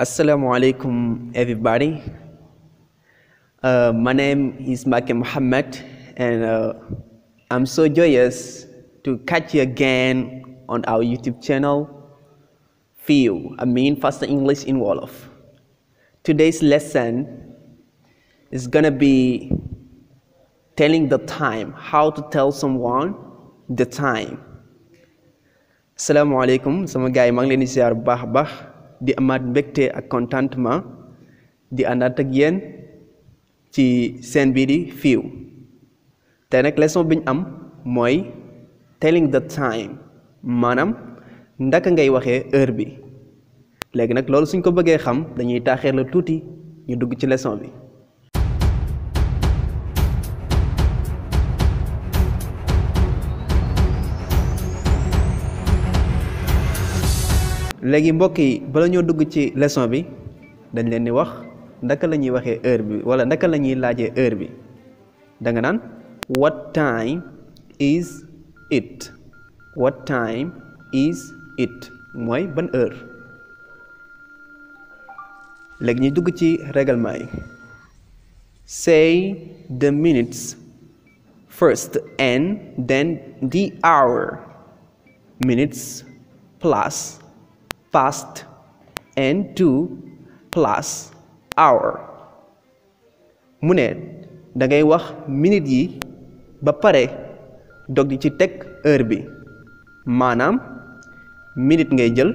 Assalamu alaikum, everybody. Uh, my name is Maki Muhammad, and uh, I'm so joyous to catch you again on our YouTube channel, Feel I mean Faster English in Wolof. Today's lesson is gonna be telling the time, how to tell someone the time. Assalamu alaikum, sama gay mang leen ziar di amaat mbégte ak contentement di àndaat ak yéen ci seen biir yi fiiw te nag leçon bi ñu am mooy telling the time maanaam ndaka ngay waxee heure bi léegi nag loolu suñ ko bëggee xam dañuy taaxeer la tuuti ñu dugg ci leçon bi legi mbokk yi bala ñoo dugg ci leçon bi dañ leen ni wax ndaka la ñuy heure bi wala ndaka la ñuy heure bi da nga nan what time is it what time is it moy ban heure léegi ñu dugg ci règlement yi say the minutes first and then the hour minutes plus past and to plus hour mune da ngay wax minute yi ba pare dog di ci tek heure bi manam minute ngay jël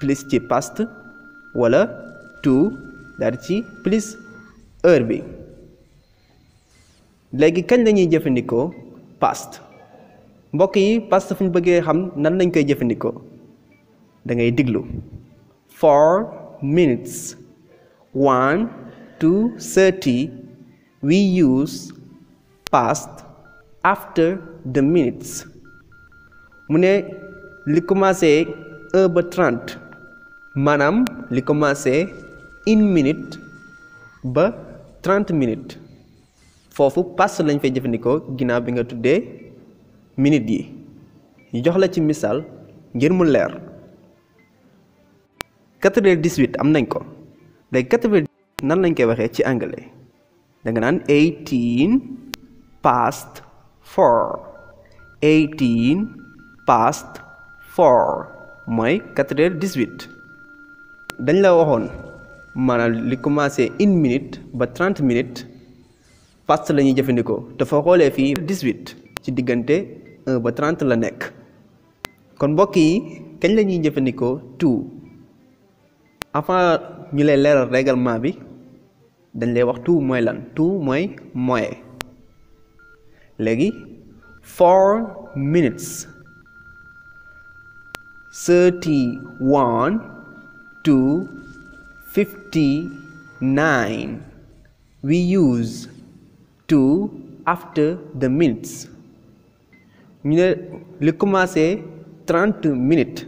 plus ci past wala to dari ci plus heure bi léegi kagn lañuy jëfëndiko past mbokk yi past fu ñu bëggee xam nan lañ koy jëfandikoo da ngay diglu four minutes one to thirty we use past after the minutes mu ne li commencé un ba trente maanaam li commencé une minute ba trente minutes foofu past lañ fay jëfandikoo ginnaaw bi nga tuddee minutes yi ñu jox la ci misaal ngir mu leer quatre-vingt-dix-huit am nañ ko léegi quatre vingt nan lañ koy waxee ci anglais da nga naan eighteen past four eighteen past four mooy quatre-vingt-dix-huit dañ la waxoon maanaam li commencé une minute ba trente minutes past lañuy ñuy jëfandikoo dafa xoolee fii dix-huit ci diggante ba trente la nekk kon mbokk yi kañ la ñuy jëfandikoo tout avant ñu lay leeral règlement bi dañ lay wax tout mooy lan tout mooy moyen léegi four minutes thirty one to fifty nine we use to after the minutes ñu ne li commencé trente minutes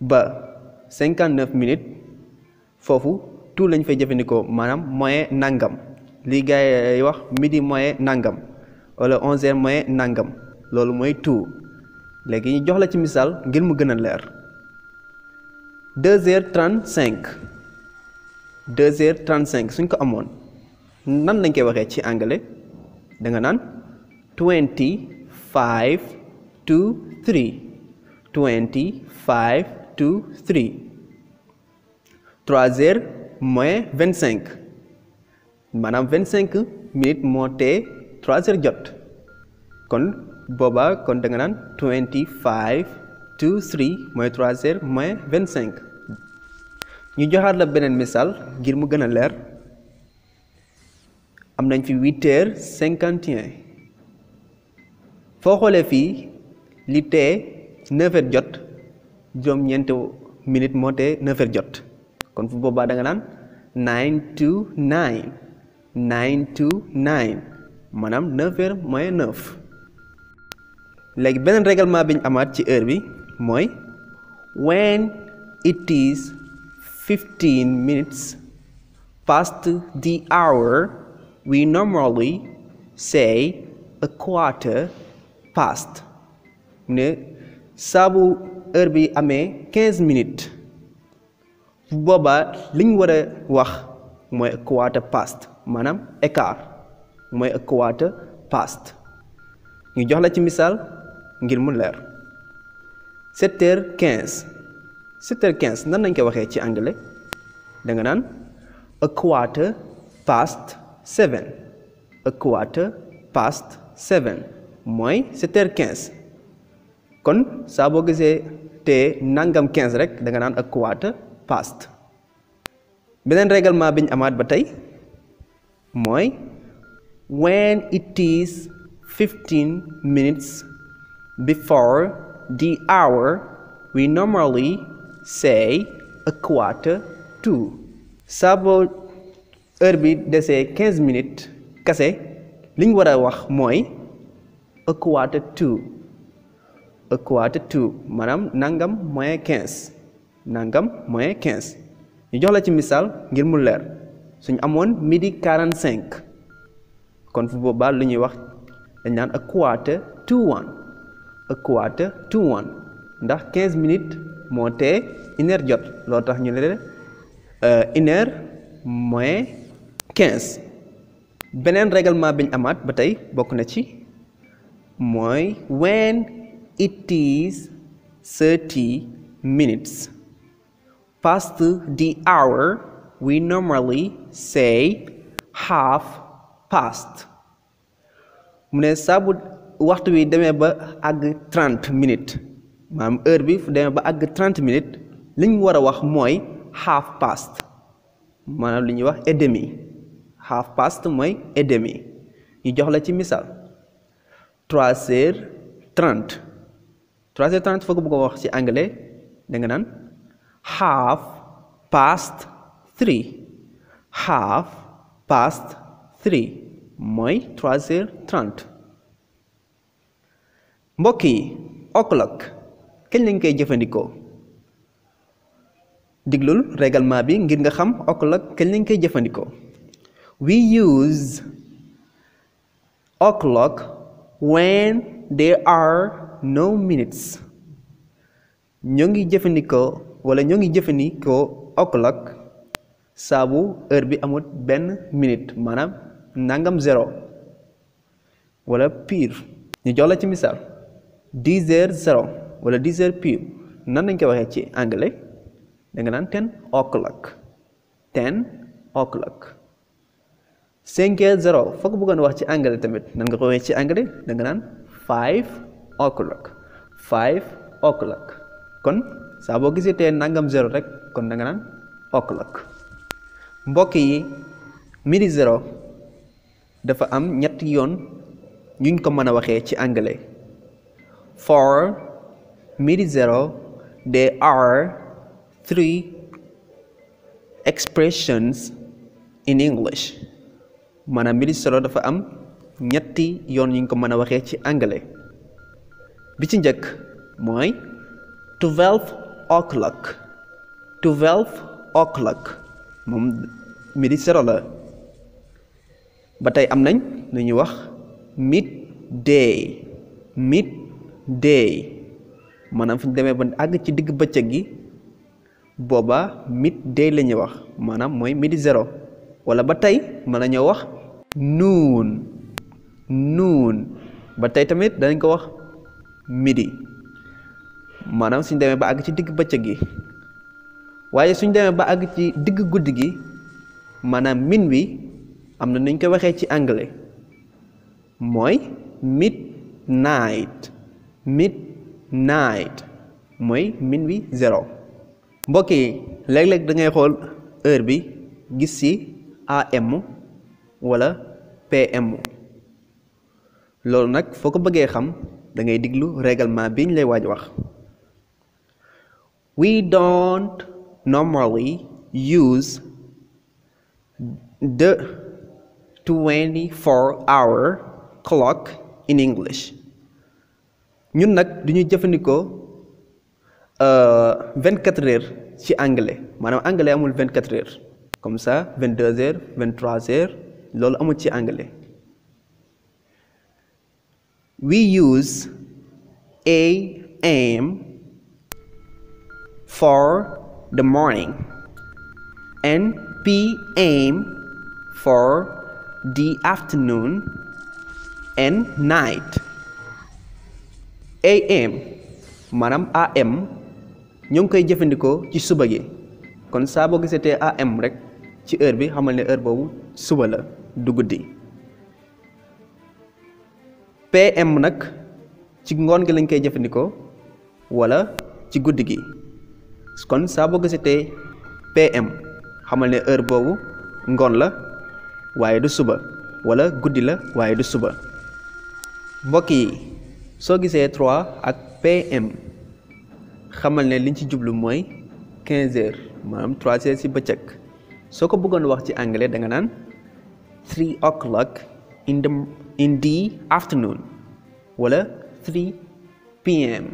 ba cinquante neuf minutes foofu tout lañ fay jëfandikoo maanaam moyen nangam lii gars yi wax midi moyen nangam wala onze heures moyen nangam loolu mooy tout léegi ñu jox la ci misaal ngir mu gën a leer deux heures cinq deux heures trente cinq suñ ko amoon nan lañ koy waxee ci anglais da nga naan twenty five to three twenty five 2, 3. 3 moins cinq maanaam 25 minutes moo tee 3 heures jot kon booba kon da nga naan 25 2 3 mooy 3 heures moins 25 ñu joxaat la beneen missal ngir mu gën a leer am nañ fi 8 heures 51 foo xoolee fii li tee 9 jot Jom ñeenti minute moo te 9 h jot kon fu boba da nga nan 9 to 9 9 to 9 Manam 9 heures moins 9 léegi beneen règlement biñ amat ci heure bi moy when it is 15 minutes past the hour we normally say a quarter past ne sabu heure bi amee quinze minutes bu boobaa liñ war a wax mooy quarter past maanaam écart mooy quarter past ñu jox la ci misaal ngir mu leer sept heures quinze sept quinze nan lañ koy waxee ci anglais da nga naan a quarter past seven a quarter past seven mooy sept heures quinze kon saa boo gisee te nangam 15 rek da nga naan a quarter past beneen règlement biñ amaat ba tey mooy when it is 15 minutes before the hour we normally say a quarter to heure bi desee 15 minutes kase liñ war a wax mooy a quarter a quarter to maanaam nangam moins quinze nangam moins quinze ñu jox la ci misaal ngir mu leer suñu amoon midi quarante cinq kon fu boobaa lu ñuy wax dañ naan a quarter to one a quarter one ndax quinze minutes moo tee une jot loolu tax ñu ne euh, une heure moins quinze beneen règlement bi ñu amaat ba tey bokk na ci mooy when It is 30 minutes past the hour. We normally say half past. mu ne saa waxtu wi deme ba àgg 30 minutes maam heure bi fu demee ba àgg 30 minutes li ñu war a wax mooy half past maanaam li ñuy wax et half past mooy et ñu jox la ci misaal trois heures trente foo ko bëgg a wax ci anglais da naan half past three half past three mooy trois heures trente mbokk yi o'clock kañ lañ koy jëfandikoo diglul règlement bi ngir nga xam o'clock kañ lañ koy jëfandikoo we use o'clock when there are nine minutes ñoo ngi jëfandikoo wala ñoo ngi jëfandikoo o'clock saabu heure bi amul benn minute maanaam nangam zéro wala piir ñu jox la ci misaal dix heures zéro wala dix heures pure nan lañ ko waxee ci anglais da naan ten o'clock ten o'clock cinq heures zéro foog bëggoon wax ci anglais tamit nan nga ko waxee ci anglais da nga naan o'clock five o'clock kon sabo kisi gisee tee nangam zero rek kon da nga naan o'clock yi midi zero dafa am ñetti yoon ñuñ ko mën a ci anglais four midi zero there are three expressions in english mana midi zero dafa am ñetti yoon ñu ko mën a ci anglais bi ci njëkk mooy twelve o'clock twelve o'clock moom midi zero la ba tey am nañ lu ñuy wax mid day mid day maanaam fu ñu demee ba àgg ci digg bëccëg gi booba mid day la wax maanaam mooy midi zero wala ba tey mën nañoo wax noon noon ba tey tamit danañ ko wax midi maanaam suñ demee ba àgg ci digg bëccëg gi waaye suñ demee ba àgg ci digg guddi gi maanaam minuit am na nuñ ko waxee ci anglais mooy midnight midnight mooy min minuit zéro mbokk yi léeg-léeg da xool heure bi gis ci am wala pm loolu nag foo ko bëggee xam da ngay diglu réglement bi ñu lay waaj wax we don't normally use the twenty four hour clock in English ñun nag du jëfandikoo euh, vingt quatre heures ci anglais maanaam anglais amul vingt quatre comme ça vingt deux heures vingt trois loolu amul ci anglais we use a am for the morning and pm for the afternoon and night am maanaam am ñoo ngi koy jëfandikoo ci suba gi kon saa boo gisatee am rek ci heure bi xamal ne heure boobu suba la du guddi PM nak ci ngon gi lañ koy jëfëndiko wala ci gudd gi kon saa boo gisatee PM xamal ne heure bobu ngon la waaye du suba wala guddi la waaye du suba mbokk yi so gisee 3 ak PM xamal ne liñ ci jublu moy 15 h manam 3 h ci bëcëk soko bëggon wax ci anglais da nga nan 3 o'clock in the in the afternoon wala 3 pm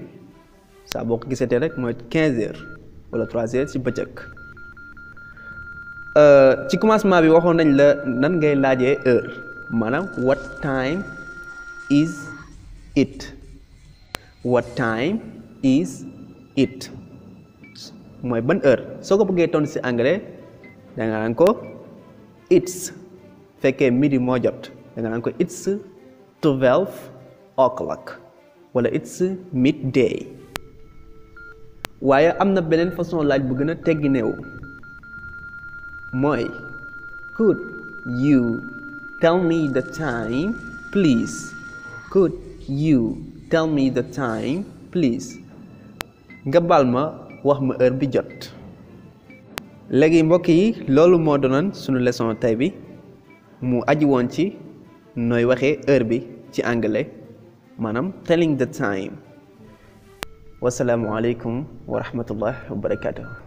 saa boo ko gisatee rek mooy 15 wala 3 heures ci bëccëg euh, ci commencement bi waxoon nañ la nan ngay laajee heure maanaam what time is it what time is it mooy ban heure soo ko bëggee tontu ci anglais da nga ko it's fekkee midi moo jot. da nga naan ko it's twelve o'clock wala it's midday waaye am na beneen façon laaj bu gën a teggineewu mooy could you tell me the time please could you tell me the time please nga baal ma wax ma heure bi jot léegi mbokk yi loolu moo doonoon sunu leçon tey bi mu aji woon ci nooy waxee heure bi ci anglais maanaam telling the time wasalaamualeykum wa rahmatullah wa barakatuh